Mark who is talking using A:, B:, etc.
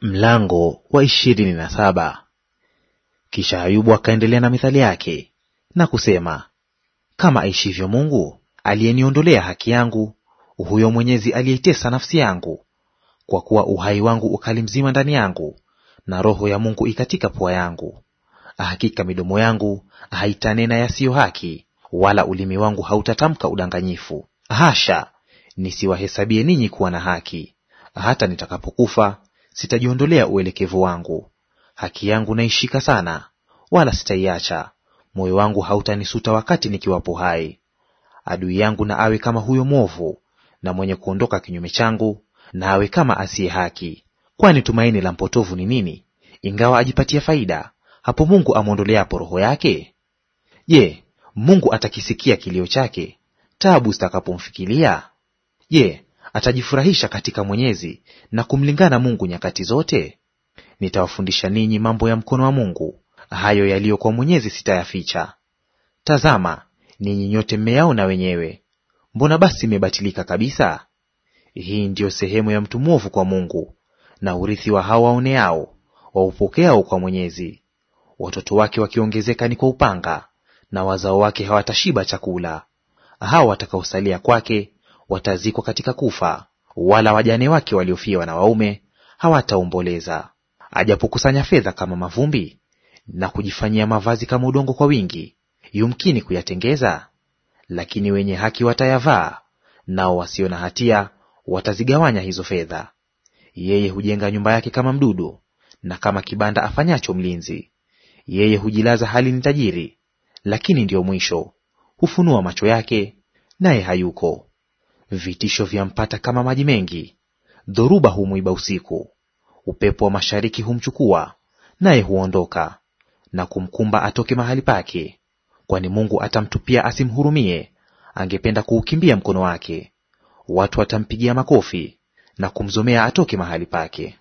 A: Mlango wa ishirini na saba. Kisha Ayubu akaendelea na mithali yake na kusema, kama aishivyo Mungu aliyeniondolea haki yangu, huyo Mwenyezi aliyeitesa nafsi yangu, kwa kuwa uhai wangu ukali mzima ndani yangu, na roho ya Mungu ikatika pua yangu. Hakika midomo yangu haitanena yasiyo haki, wala ulimi wangu hautatamka udanganyifu. Hasha, nisiwahesabie ninyi kuwa na haki, hata nitakapokufa Sitajiondolea uelekevu wangu. Haki yangu naishika sana, wala sitaiacha; moyo wangu hautanisuta wakati nikiwapo hai. Adui yangu na awe kama huyo mwovu, na mwenye kuondoka kinyume changu na awe kama asiye haki. Kwani tumaini la mpotovu ni nini, ingawa ajipatia faida, hapo Mungu amwondoleapo roho yake? Je, Mungu atakisikia kilio chake taabu zitakapomfikilia? Je, atajifurahisha katika Mwenyezi na kumlingana Mungu nyakati zote? Nitawafundisha ninyi mambo ya mkono wa Mungu, hayo yaliyo kwa Mwenyezi sitayaficha. Tazama, ninyi nyote mmeyaona wenyewe. Mbona basi mmebatilika kabisa? Hii ndiyo sehemu ya mtu mwovu kwa Mungu, na urithi wa hao waoneao, waupokeao kwa Mwenyezi. Watoto wake wakiongezeka ni kwa upanga, na wazao wake hawatashiba chakula. Hao watakaosalia kwake watazikwa katika kufa, wala wajane wake waliofiwa na waume hawataomboleza. Ajapokusanya fedha kama mavumbi na kujifanyia mavazi kama udongo kwa wingi, yumkini kuyatengeza, lakini wenye haki watayavaa, nao wasio na hatia watazigawanya hizo fedha. Yeye hujenga nyumba yake kama mdudu, na kama kibanda afanyacho mlinzi. Yeye hujilaza hali ni tajiri, lakini ndiyo mwisho; hufunua macho yake, naye hayuko. Vitisho vyampata kama maji mengi, dhoruba humwiba usiku. Upepo wa mashariki humchukua, naye huondoka na kumkumba atoke mahali pake. Kwani Mungu atamtupia asimhurumie, angependa kuukimbia mkono wake. Watu watampigia makofi na kumzomea atoke mahali pake.